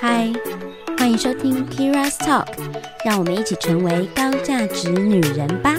嗨，Hi, 歡迎收聽 Keira's Talk，讓我們一起成為高價值女人吧。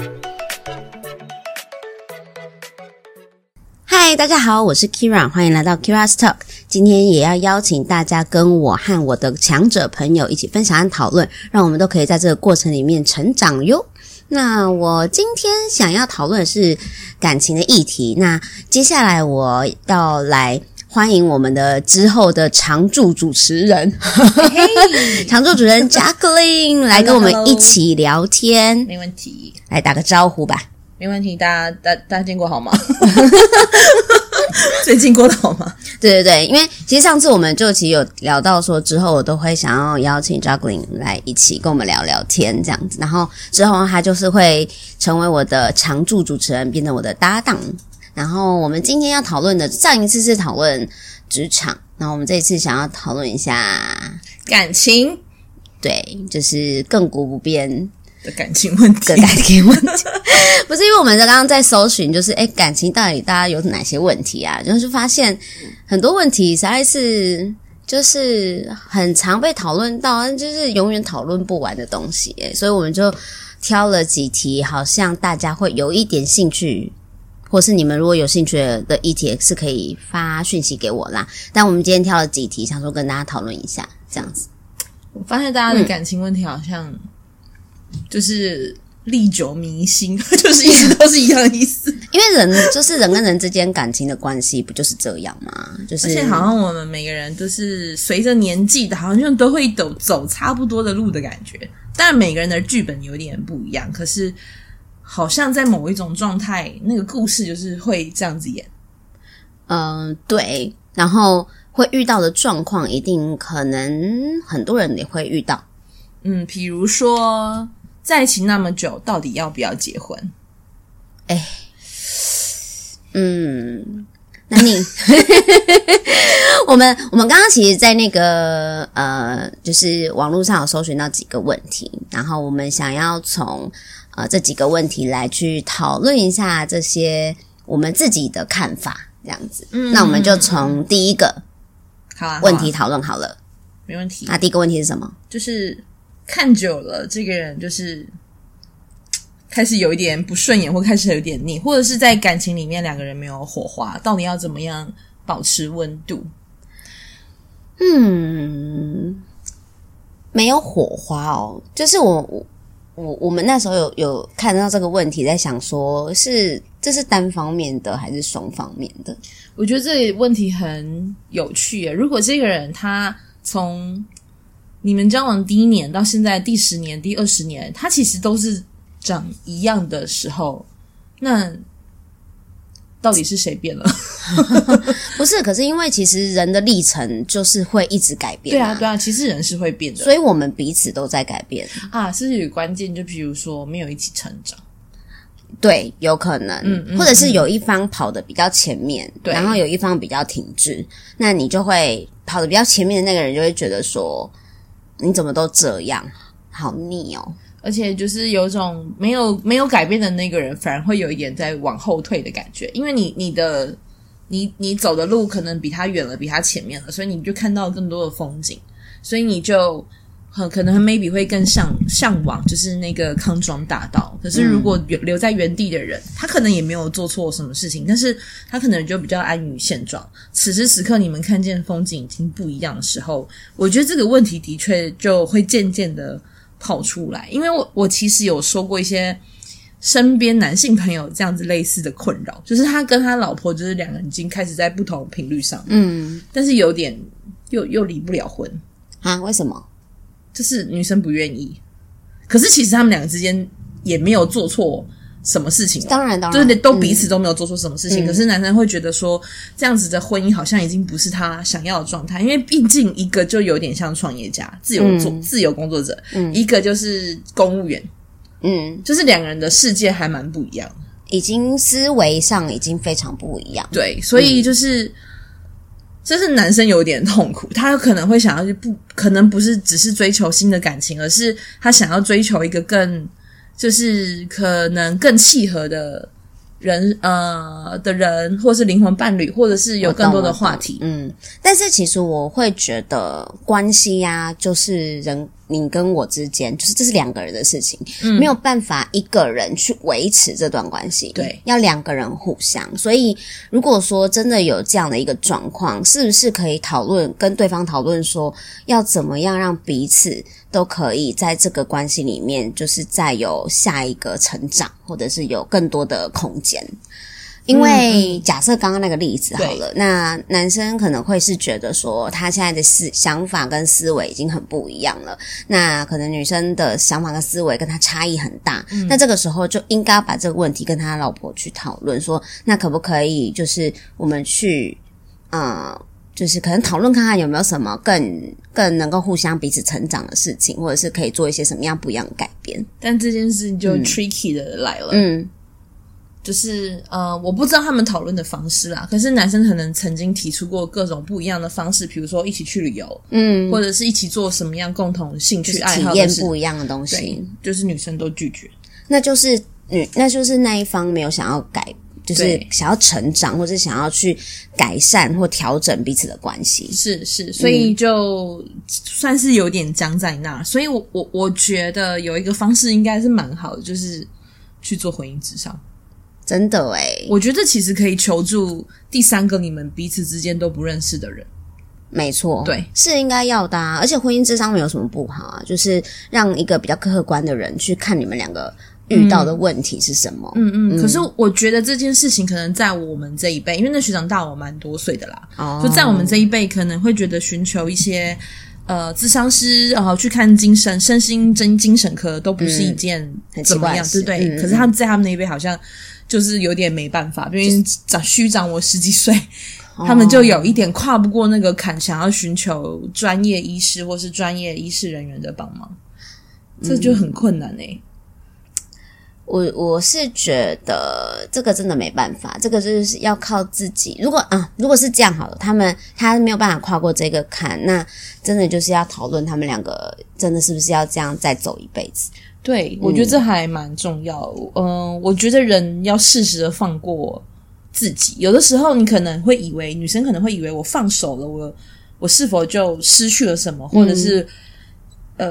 嗨，大家好，我是 Keira，歡迎來到 Keira's Talk。今天也要邀請大家跟我和我的強者朋友一起分享和討論，讓我們都可以在這個過程裡面成長喲。那我今天想要討論的是感情的議題，那接下來我要來。歡迎我們的之後的常駐主持人，hey, hey, 常駐主持人 Jacqueline 來跟我們一起聊天，hello, hello. 沒問題，來打個招呼吧，沒問題，大家大家大家見過好嗎？ 最近過得好嗎？對對對，因為其實上次我們就其實有聊到說之後我都會想要邀請 Jacqueline 來一起跟我們聊聊天這樣子，然後之後他就是會成為我的常駐主持人，變成我的搭檔。然後我們今天要討論的，上一次是討論職場，那我們這一次想要討論一下感情，對，就是亙古不變的感情問題的感情問題，問題 不是因為我們剛剛在搜尋，就是誒感情到底大家有哪些問題？啊，就是發現很多問題實在是就是很常被討論到，就是永遠討論不完的東西，所以我們就挑了幾題，好像大家會有一點興趣。或是你們如果有興趣的議題，是可以發訊息給我啦。但我們今天挑了幾題，想說跟大家討論一下這樣子。我發現大家的感情問題好像、嗯、就是歷久彌新，就是一直都是一樣的意思。 因為人就是人跟人之間感情的關係，不就是這樣嗎？就是而且好像我們每個人都是隨着年紀的，好像就都會走走差不多的路的感覺。但每個人的劇本有點不一樣，可是。好像在某一種狀態，那個故事就是會這樣子演。嗯、呃，對，然後會遇到的狀況一定可能很多人也會遇到。嗯，比如說在一起那麼久，到底要不要結婚？哎、欸，嗯，那你 我？我們我們剛剛其實在那個呃，就是網絡上有搜尋到幾個問題，然後我們想要從。啊，這幾個問題來去討論一下這些我們自己的看法，這樣子。嗯、那我們就從第一個好問題討論好了，好啊好啊、沒問題。那、啊、第一個問題是什麼？就是看久了這個人，就是開始有一點不順眼，或開始有點膩，或者是在感情裡面兩個人沒有火花，到底要怎麼樣保持溫度？嗯，沒有火花哦，就是我。我我們那時候有有看到這個問題，在想說是這是單方面的還是雙方面的？我覺得這個問題很有趣耶。如果這個人他從你們交往第一年到現在第十年、第二十年，他其實都是長一樣的時候，那。到底是誰變了？ 不是，可是因為其實人的歷程就是會一直改變、啊。對啊，對啊，其實人是會變的，所以我們彼此都在改變啊。是有關鍵，就比如說我們有一起成長，對，有可能，嗯，嗯，嗯，或者是有一方跑得比較前面，對然後有一方比較停滯，那你就會跑得比較前面的那個人就會覺得說，你怎麼都這樣，好膩哦、喔。而且就是有一種沒有沒有改變的那個人，反而會有一點在往後退的感覺，因為你你的你你走的路可能比他遠了，比他前面了，所以你就看到更多的風景，所以你就很可能 maybe 會更嚮嚮往，就是那個康莊大道。可是如果留留在原地的人，嗯、他可能也沒有做錯什麼事情，但是他可能就比較安於現狀。此時此刻，你們看見風景已經不一樣的時候，我覺得這個問題的確就會漸漸的。跑出來，因為我我其實有說過一些身邊男性朋友這樣子類似的困擾，就是他跟他老婆就是兩個人已經開始在不同頻率上，嗯，但是有點又又離不了婚。啊，為什麼？就是女生不願意，可是其實他們兩個之間也沒有做錯。什麼事情？當然，當然，就是都彼此都沒有做錯什麼事情。嗯嗯、可是男生會覺得說，這樣子的婚姻好像已經不是他想要的狀態，因為畢竟一個就有點像創業家、自由做，嗯、自由工作者，嗯、一個就是公務員，嗯，就是兩個人的世界還蠻不一樣，已經思維上已經非常不一樣。對，所以就是、嗯、這是男生有點痛苦，他可能會想要去，不可能不是只是追求新的感情，而是他想要追求一個更。就是可能更契合的人，呃，的人，或是靈魂伴侶，或者是有更多的話題，嗯。但是其實我會覺得關係呀，就是人。你跟我之間，就是這是兩個人的事情，嗯、沒有辦法一個人去維持這段關係。對，要兩個人互相。所以，如果說真的有這樣的一個狀況，是不是可以討論跟對方討論說，說要怎麼樣讓彼此都可以在這個關係裡面，就是再有下一個成長，或者是有更多的空間？因為假設剛剛那個例子好了，嗯、那男生可能會是覺得說，他現在的思想法跟思維已經很不一樣了，那可能女生的想法跟思維跟他差異很大。嗯、那這個時候就應該把這個問題跟他老婆去討論說，說那可不可以就是我們去，呃，就是可能討論看看有沒有什麼更更能夠互相彼此成長的事情，或者是可以做一些什麼樣不一樣的改變。但這件事情就 tricky 的來了，嗯。嗯就是呃，我不知道他們討論的方式啦。可是男生可能曾經提出過各種不一樣的方式，比如說一起去旅遊，嗯，或者是一起做什麼樣共同興趣愛好的、體驗不一樣的東西。對，就是女生都拒絕，那就是女、嗯，那就是那一方沒有想要改，就是想要成長對或者想要去改善或調整彼此的關係。是是，所以就算是有點僵在那。嗯、所以我我我覺得有一個方式應該是蠻好的，就是去做婚姻諮商。真的哎、欸，我覺得其實可以求助第三個你們彼此之間都不認識的人，沒錯，對，是應該要的。啊。而且婚姻諮商沒有什麼不好啊？就是讓一個比較客觀的人去看你們兩個遇到的問題是什麼。嗯嗯。嗯嗯嗯，可是我覺得這件事情可能在我們這一輩，因為那學長大我蠻多歲的啦，哦、就在我們這一輩可能會覺得尋求一些呃，諮商師，然、呃、後去看精神、身心、真精神科都不是一件、嗯、很奇怪怎麼樣，對不對？嗯、可是他們在他們那一輩好像。就是有點沒辦法，因為長虛長我十幾歲，他們就有一點跨不過那個坎，想要尋求專業醫師或是專業醫事人員的幫忙，這就很困難嘞、欸。我我是覺得這個真的沒辦法，這個就是要靠自己。如果啊，如果是這樣好了，他們他們沒有辦法跨過這個坎。那真的就是要討論他們兩個，真的是不是要這樣再走一輩子？對，嗯、我覺得這還蠻重要。嗯、呃，我覺得人要適時的放過自己。有的時候你可能會以為女生可能會以為我放手了，我我是否就失去了什麼，或者是？嗯呃，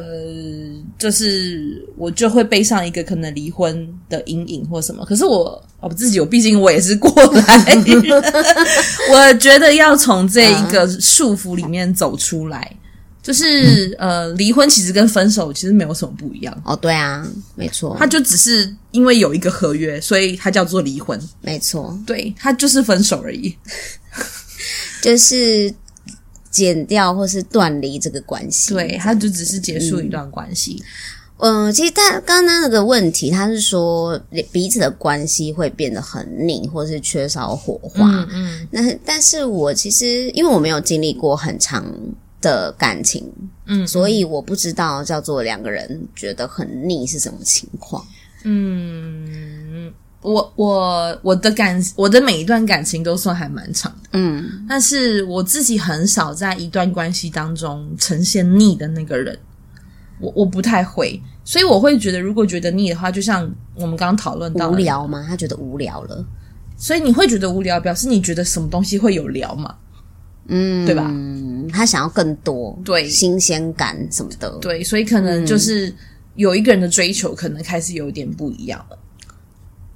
就是我就會背上一個可能離婚的陰影或什麼。可是我，我自己，我畢竟我也是過來人。 我覺得要從這一個束縛裡面走出來，就是、嗯、呃，離婚其實跟分手其實沒有什麼不一樣。哦，對啊，沒錯，他就只是因為有一個合約，所以它叫做離婚。沒錯，對，他就是分手而已， 就是。剪掉或是斷離這個關係，對，他就只是結束一段關係。嗯。嗯，其實他剛剛那個問題，他是說彼此的關係會變得很膩，或是缺少火花，嗯。嗯，那但是我其實因為我沒有經歷過很長的感情，嗯，嗯，所以我不知道叫做兩個人覺得很膩是什麼情況。嗯。我我我的感我的每一段感情都算還蠻長的，嗯，但是我自己很少在一段關係當中呈現膩的那個人，我我不太會，所以我會覺得如果覺得膩的話，就像我們剛剛討論到無聊嗎？他覺得無聊了，所以你會覺得無聊，表示你覺得什麼東西會有聊嗎？嗯，對吧？嗯，他想要更多，對新鮮感什麼的，對，所以可能就是有一個人的追求可能開始有點不一樣了。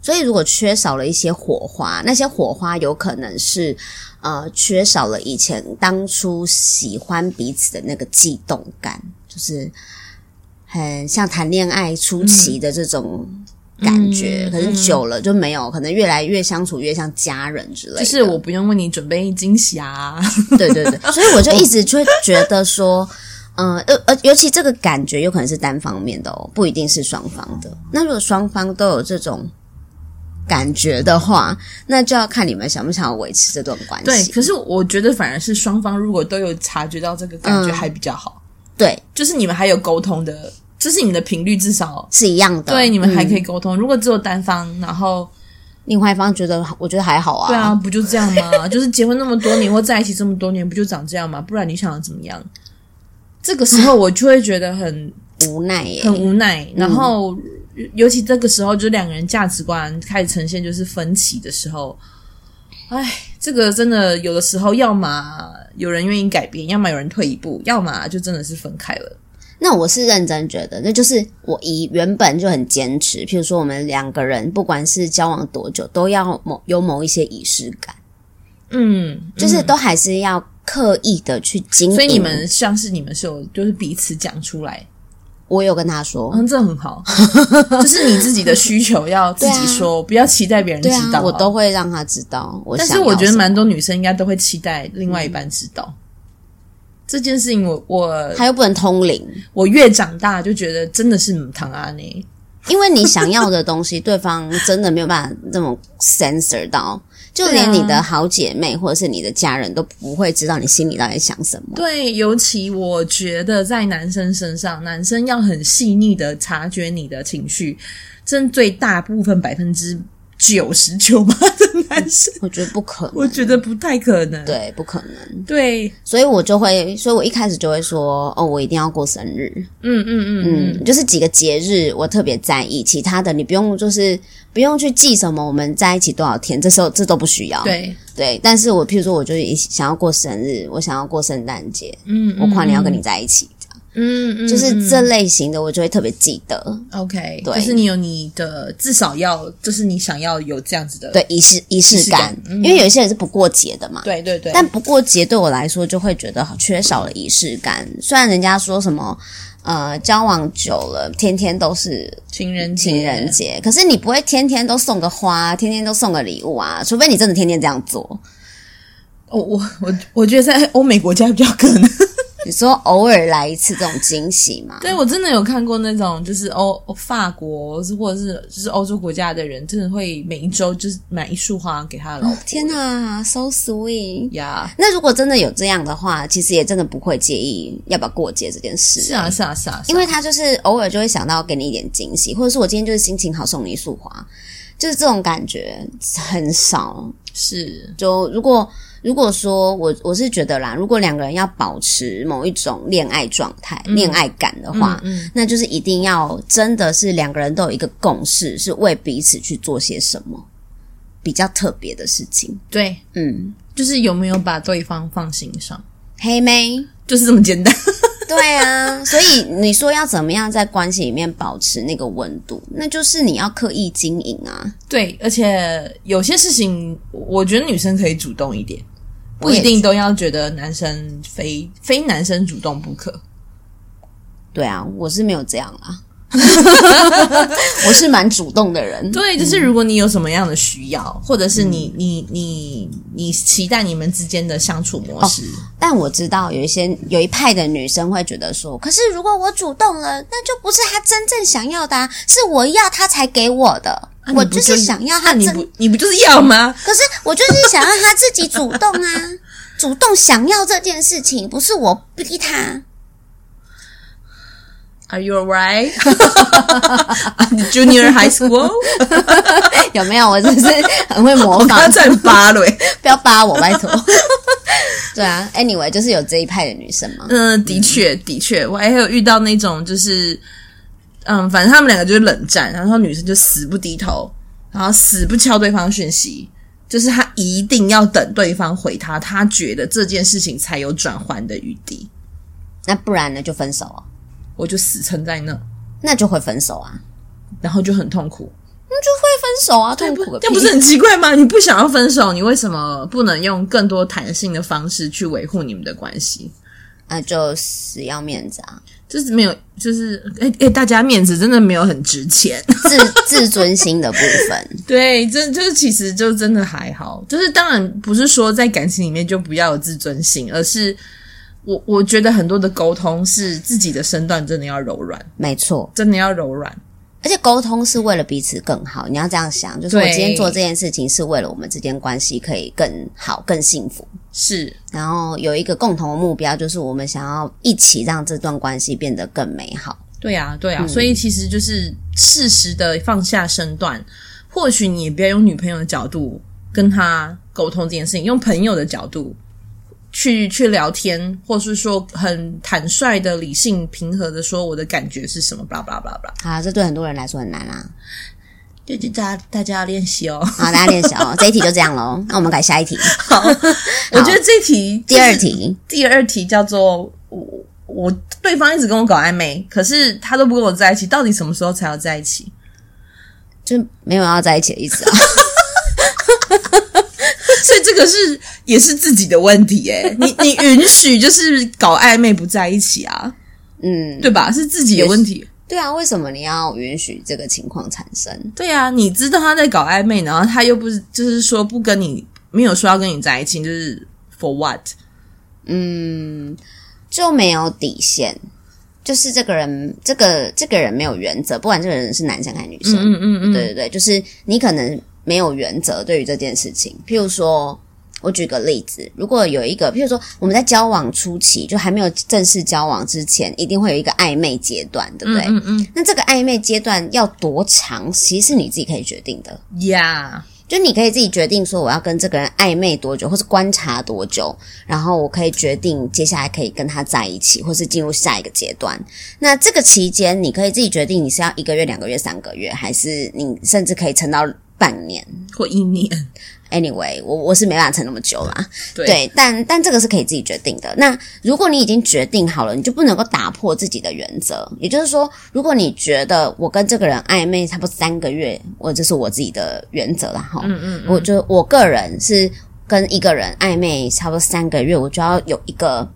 所以，如果缺少了一些火花，那些火花有可能是呃，缺少了以前當初喜歡彼此的那個悸動感，就是很像談戀愛初期的這種感覺。嗯、可是久了就沒有，可能越來越相處越像家人之類。就是我不用為你準備驚喜啊！ 對對對，所以我就一直就覺得說，嗯呃呃，尤其這個感覺有可能是單方面的哦，不一定是雙方的。那如果雙方都有這種。感覺的話，那就要看你們想不想維持這段關係。對，可是我覺得反而是雙方如果都有察覺到這個感覺，還比較好。嗯、對，就是你們還有溝通的，就是你們的頻率至少是一樣的。對，你們還可以溝通。嗯、如果只有單方，然後另外一方覺得，我覺得還好啊。對啊，不就這樣嗎？ 就是結婚那麼多年，或在一起這麼多年，不就長這樣嗎？不然你想怎麼樣？嗯、這個時候我就會覺得很、嗯、無奈、欸，很無奈。然後。嗯尤其這個時候，就兩個人價值觀開始呈現就是分歧的時候，哎，這個真的有的時候，要麼有人願意改變，要麼有人退一步，要麼就真的是分開了。那我是認真覺得，那就是我一原本就很堅持。譬如說，我們兩個人不管是交往多久，都要某有某一些儀式感。嗯，就是都還是要刻意的去經歷。所以你們像是你們是有，就是彼此講出來。我也有跟他說，嗯，這很好， 就是你自己的需求要自己說， 啊、不要期待別人知道對，啊。我都會讓他知道，但是我覺得蠻多女生應該都會期待另外一半知道，嗯、這件事情我。我我他又不能通靈，我越長大就覺得真的是唐阿呢，因為你想要的東西， 對方真的沒有辦法這麼 sensor 到。就連你的好姐妹或者是你的家人都不會知道你心裡到底想什麼。對，尤其我覺得在男生身上，男生要很細膩的察覺你的情緒，針對大部分百分之。九十九八的男生，我覺得不可能，我覺得不太可能，對，不可能，對，所以我就會，所以我一開始就會說，哦，我一定要過生日，嗯嗯嗯嗯，就是幾個節日我特別在意，其他的你不用，就是不用去記什麼，我們在一起多少天，這時候這都不需要，對對，但是我譬如說，我就想要過生日，我想要過聖誕節，嗯，嗯，我跨年要跟你在一起。嗯，嗯，就是這類型的我就會特別記得。OK，對，就是你有你的，至少要，就是你想要有這樣子的對，儀式儀式感，儀式感嗯、因為有一些人是不過節的嘛。對對對，對對，但不過節對我來說就會覺得缺少了儀式感。雖然人家說什麼呃，交往久了天天都是情人節情人節，可是你不會天天都送個花，天天都送個禮物啊，除非你真的天天這樣做。哦、我我我，我覺得在歐美國家比較可能。你說偶爾來一次這種驚喜嗎？對，我真的有看過那種，就是歐法國或者是就是歐洲國家的人，真的會每一周就是買一束花給他老公。天哪，啊，so sweet！呀 Yeah. 那如果真的有這樣的話，其實也真的不會介意要不要過節這件事啊。是啊，是啊，是啊，是啊。因為他就是偶爾就會想到給你一點驚喜，或者是我今天就是心情好送你一束花，就是這種感覺很少。是，就如果。如果說我我是覺得啦，如果兩個人要保持某一種戀愛狀態、嗯、戀愛感的話，嗯嗯嗯、那就是一定要真的是兩個人都有一個共識，是為彼此去做些什麼比較特別的事情。對，嗯，就是有沒有把對方放心上？嘿咩就是這麼簡單。 對啊，所以你說要怎麼樣在關係裡面保持那個溫度？那就是你要刻意經營啊。對，而且有些事情，我覺得女生可以主動一點。不一定都要覺得男生非非男生主動不可。對啊，我是沒有這樣啦、啊、 我是蠻主動的人。對，就是如果你有什麼樣的需要，或者是你、嗯、你你你期待你們之間的相處模式，oh, 但我知道有一些有一派的女生會覺得說，可是如果我主動了，那就不是他真正想要的啊，是我要他才給我的。啊、就我就是想要他，啊、你不你不就是要嗎？可是我就是想要他自己主動啊， 主動想要這件事情，不是我逼他。Are you alright? Junior high school？ 有沒有？我只是很會模仿，在扒雷，不要扒我，拜托。 對啊，Anyway，就是有這一派的女生嘛。嗯、呃，的確，的確，我還有遇到那種就是。嗯，反正他們兩個就是冷戰，然後女生就死不低頭，然後死不敲對方訊息，就是她一定要等對方回她，她覺得這件事情才有轉圜的餘地。那不然呢？就分手？哦，我就死撐在那，那就會分手啊，然後就很痛苦。那就會分手啊，痛苦的。那不，不是很奇怪嗎？你不想要分手，你為什麼不能用更多彈性的方式去維護你們的關係？那、啊、就死要面子啊！就是沒有，就是哎哎、欸欸，大家面子真的沒有很值錢， 自自尊心的部分。對，這這其實就真的還好。就是當然不是說在感情裡面就不要有自尊心，而是我我覺得很多的溝通是自己的身段真的要柔軟，沒錯，真的要柔軟。而且溝通是為了彼此更好，你要這樣想，就是我今天做這件事情是為了我們之間關係可以更好、更幸福。是，然後有一個共同的目標，就是我們想要一起讓這段關係變得更美好。對啊，對啊。嗯，所以其實就是適時的放下身段，或許你也不要用女朋友的角度跟他溝通這件事情，用朋友的角度。去去聊天，或是說很坦率的、理性平和的說我的感覺是什麼，巴拉巴拉巴拉。好，這對很多人來說很難啦、啊。就就大家大家要練習哦。好，大家練習哦。 這一題就這樣嘍。那我們改下一題。好，好我覺得這題、就是、第二題，第二題叫做我我對方一直跟我搞曖昧，可是他都不跟我在一起，到底什麼時候才要在一起？就沒有要在一起的意思啊、哦。 所以這個是也是自己的問題哎、欸，你你允許就是搞曖昧不在一起啊，嗯，對吧？是自己有問題。對啊，為什麼你要允許這個情況產生？對啊，你知道他在搞曖昧，然後他又不是就是說不跟你沒有說要跟你在一起，就是 for what？嗯，就沒有底線，就是這個人，這個這個人沒有原則，不管這個人是男生還是女生，嗯嗯嗯，嗯嗯對對對，就是你可能。沒有原則。對於這件事情，譬如說，我舉個例子，如果有一個，譬如說，我們在交往初期就還沒有正式交往之前，一定會有一個曖昧階段，對不對？嗯，嗯嗯，那這個曖昧階段要多長，其實是你自己可以決定的。Yeah。就你可以自己決定說，我要跟這個人曖昧多久，或是觀察多久，然後我可以決定接下來可以跟他在一起，或是進入下一個階段。那這個期間，你可以自己決定，你是要一個月、兩個月、三個月，還是你甚至可以撐到半年或一年。Anyway，我我是沒辦法撐那麼久啦。對，對，但但這個是可以自己決定的。那如果你已經決定好了，你就不能夠打破自己的原則。也就是說，如果你覺得我跟這個人曖昧差不多三個月，我這是我自己的原則了哈、嗯。嗯嗯，我就我個人是跟一個人曖昧差不多三個月，我就要有一個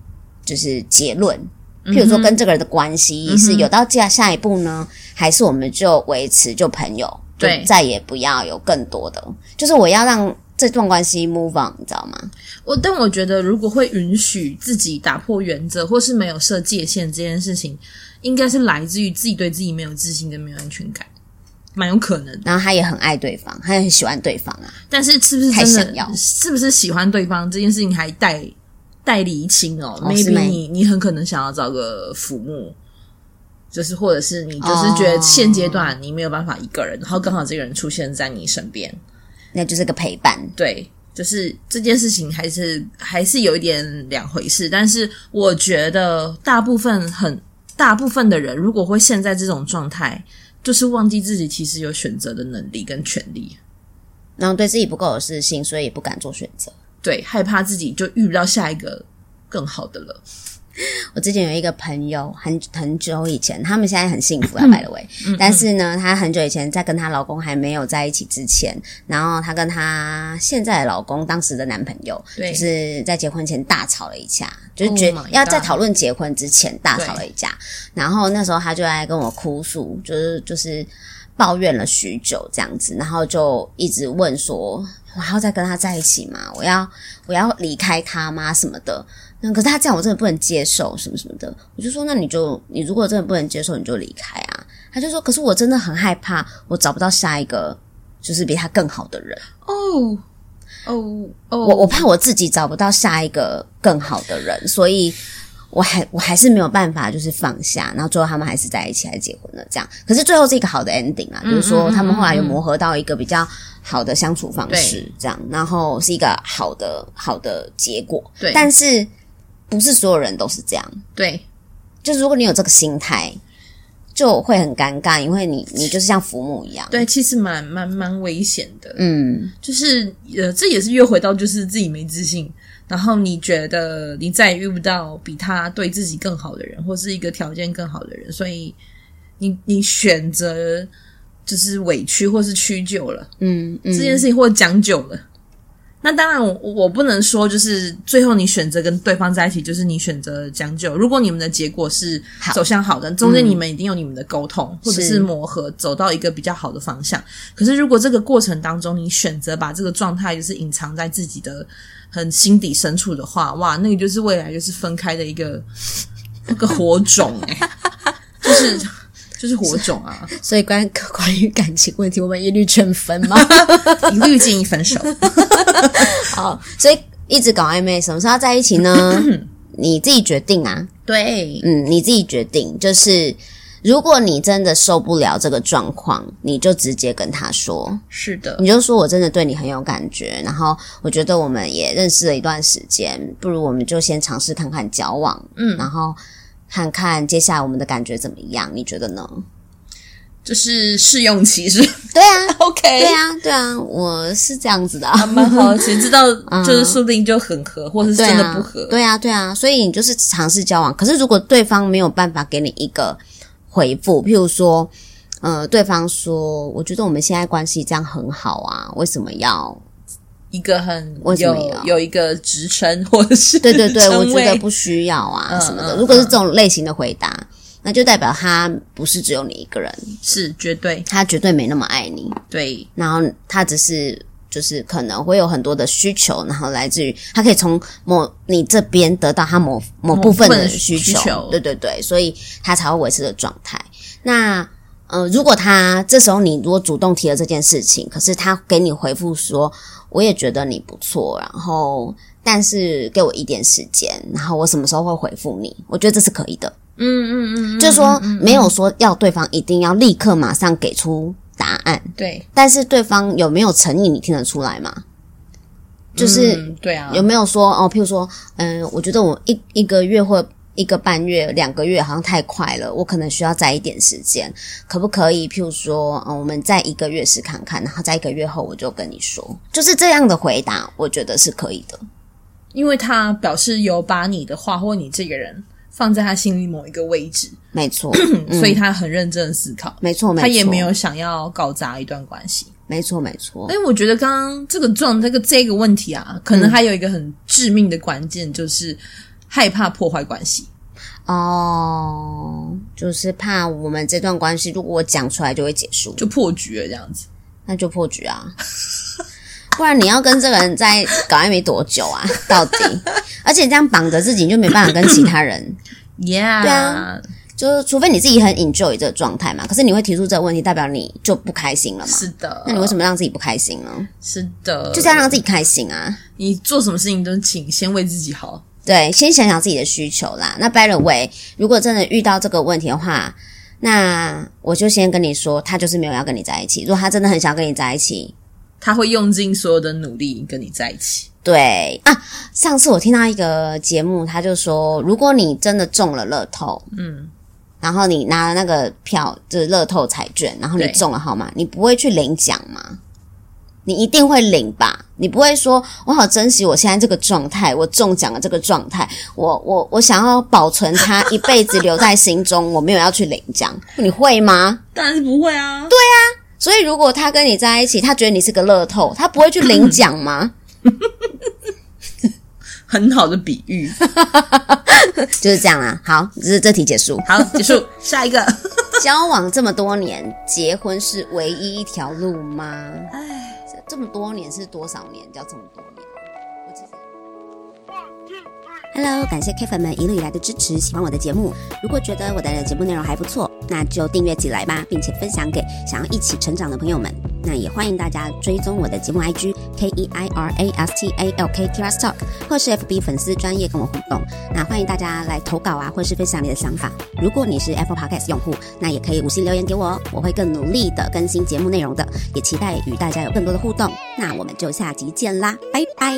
就是結論。譬如說，跟這個人的關係是有到下一步呢，還是我們就維持就朋友，對，再也不要有更多的。對就是我要讓。這段關係 move on，你知道嗎？我但我覺得，如果會允許自己打破原則，或是沒有設界限這件事情，應該是來自於自己對自己沒有自信跟沒有安全感，蠻有可能的。然後他也很愛對方，他也很喜歡對方啊。但是是不是真的？想要是不是喜歡對方這件事情還帶帶釐清哦？maybe 你你很可能想要找個父母，就是或者是你就是覺得現階段你沒有辦法一個人，哦、然後剛好這個人出現在你身邊。那就是個陪伴，對，就是這件事情還是還是有一點兩回事，但是我覺得大部分很大部分的人，如果會陷在這種狀態，就是忘記自己其實有選擇的能力跟權利，然後對自己不夠有自信，所以也不敢做選擇，對，害怕自己就遇不到下一個更好的了。我之前有一個朋友，很很久以前，他們現在很幸福啊，by、嗯、the way。嗯、但是呢，她很久以前在跟她老公還沒有在一起之前，然後她跟她現在的老公當時的男朋友，對就是在結婚前大吵了一架，對就是覺得要在討論結婚之前大吵了一架。對然後那時候她就在跟我哭訴，就是就是抱怨了許久這樣子，然後就一直問說：“我要再跟他在一起嗎？我要我要離開他嗎？什麼的？”可是他這樣我真的不能接受，什麼什麼的，我就說那你就你，如果真的不能接受，你就離開啊。他就說，可是我真的很害怕，我找不到下一個，就是比他更好的人。哦哦哦，我我怕我自己找不到下一個更好的人，所以我還我還是沒有辦法就是放下。然後最後他們還是在一起，還結婚了，這樣。可是最後是一個好的 ending 啊，就是說他們後來又磨合到一個比較好的相處方式，這樣，然後是一個好的好的結果。對，但是。不是所有人都是這樣，對，就是如果你有這個心態，就會很尷尬，因為你你就是像父母一樣，對，其實蠻蠻蠻危險的，嗯，就是呃，這也是又回到就是自己沒自信，然後你覺得你再也遇不到比他對自己更好的人，或是一個條件更好的人，所以你你選擇就是委屈或是屈就了，嗯嗯，嗯，這件事情或將就了。那當然我，我我不能說，就是最後你選擇跟對方在一起，就是你選擇將就。如果你們的結果是走向好的，好嗯、中間你們一定有你們的溝通是或者是磨合，走到一個比較好的方向。可是，如果這個過程當中你選擇把這個狀態就是隱藏在自己的很心底深處的話，哇，那個就是未來就是分開的一個一、那個火種、欸，哎， 就是。就是火種啊，所以關關於感情問題，我們一律勸分嘛， 一律建議分手。 好，所以一直搞曖昧，什麼時候要在一起呢？咳咳，你自己決定啊。對，嗯，你自己決定。就是如果你真的受不了這個狀況，你就直接跟他說。是的，你就說，我真的對你很有感覺，然後我覺得我們也認識了一段時間，不如我們就先嘗試看看交往。嗯，然後。看看接下來我們的感覺怎麼樣？你覺得呢？就是試用期是？對啊，OK，對啊，對啊，我是這樣子的啊。啊，蠻好，誰知道？就是說不定就很合，嗯、或是真的不合。對啊，對啊，所以你就是嘗試交往。可是如果對方沒有辦法給你一個回復，譬如說，呃，對方說：“我覺得我們現在關係這樣很好啊，為什麼要？”一個很有有一個職稱或者是對對對，稱位，我覺得不需要啊，嗯、什麼的。如果是這種類型的回答，嗯、那就代表他不是只有你一個人，是絕對，他絕對沒那麼愛你。對，然後他只是就是可能會有很多的需求，然後來自於他可以從某你這邊得到他某某部分的需求。需求對對對，所以他才會維持的狀態。那呃，如果他這時候你如果主動提了這件事情，可是他給你回復說。我也覺得你不錯，然後但是給我一點時間，然後我什麼時候會回復你。我覺得這是可以的。嗯嗯嗯，嗯嗯就是說、嗯嗯、沒有說要對方一定要立刻馬上給出答案。對，但是對方有沒有誠意，你聽得出來嗎？就是、嗯、對啊，有沒有說哦？譬如說，嗯，我覺得我一一個月會。一個半月，兩個月好像太快了，我可能需要再一點時間，可不可以？譬如說，嗯，我們再一個月試看看，然後在一個月後我就跟你說，就是這樣的回答，我覺得是可以的，因為他表示有把你的話或你這個人放在他心裡某一個位置，沒錯， 所以他很認真思考，沒錯，沒錯，他也沒有想要搞砸一段關係，沒錯，沒錯。哎，我覺得剛剛這個狀這個這個問題啊，可能還有一個很致命的關鍵就是。害怕破壞關係哦，oh, 就是怕我們這段關係，如果我講出來，就會結束，就破局了這樣子，那就破局啊！ 不然你要跟這個人在搞曖昧多久啊？到底， 而且你這樣綁着自己，你就沒辦法跟其他人，Yeah，對啊，就是除非你自己很 enjoy 這個狀態嘛。可是你會提出這個問題，代表你就不開心了嘛？是的，那你為什麼讓自己不開心呢？是的，就是要讓自己開心啊！你做什麼事情都請先為自己好。對，先想想自己的需求啦。那 By the way，如果真的遇到這個問題的話，那我就先跟你說，他就是沒有要跟你在一起。如果他真的很想跟你在一起，他會用盡所有的努力跟你在一起。對啊，上次我聽到一個節目，他就說，如果你真的中了樂透，嗯，然後你拿了那個票，就是樂透彩券，然後你中了號碼，對你不會去領獎嗎？你一定會領吧？你不會說“我好珍惜我現在這個狀態，我中獎的這個狀態，我我我想要保存它一輩子留在心中， 我沒有要去領獎。”你會嗎？當然是不會啊！對啊，所以如果他跟你在一起，他覺得你是個樂透，他不會去領獎嗎？ 很好的比喻， 就是這樣啊。好，這是這題結束。 好，結束，下一個。 交往這麼多年，結婚是唯一一條路嗎？唉。這麼多年是多少年？叫這麼多年。我記得。Hello，感謝 K 粉們一路以來的支持，喜歡我的節目。如果覺得我的節目內容還不錯，那就訂閱起來吧，並且分享給想要一起成長的朋友們。那也歡迎大家追蹤我的節目 IG K E I R A S T A L K Keira's Talk，或是 FB 粉絲專業跟我互動。那歡迎大家來投稿啊，或是分享你的想法。如果你是 Apple Podcast 用戶，那也可以五星留言給我哦。我會更努力的更新節目內容的。也期待與大家有更多的互動。那我們就下集見啦，拜拜。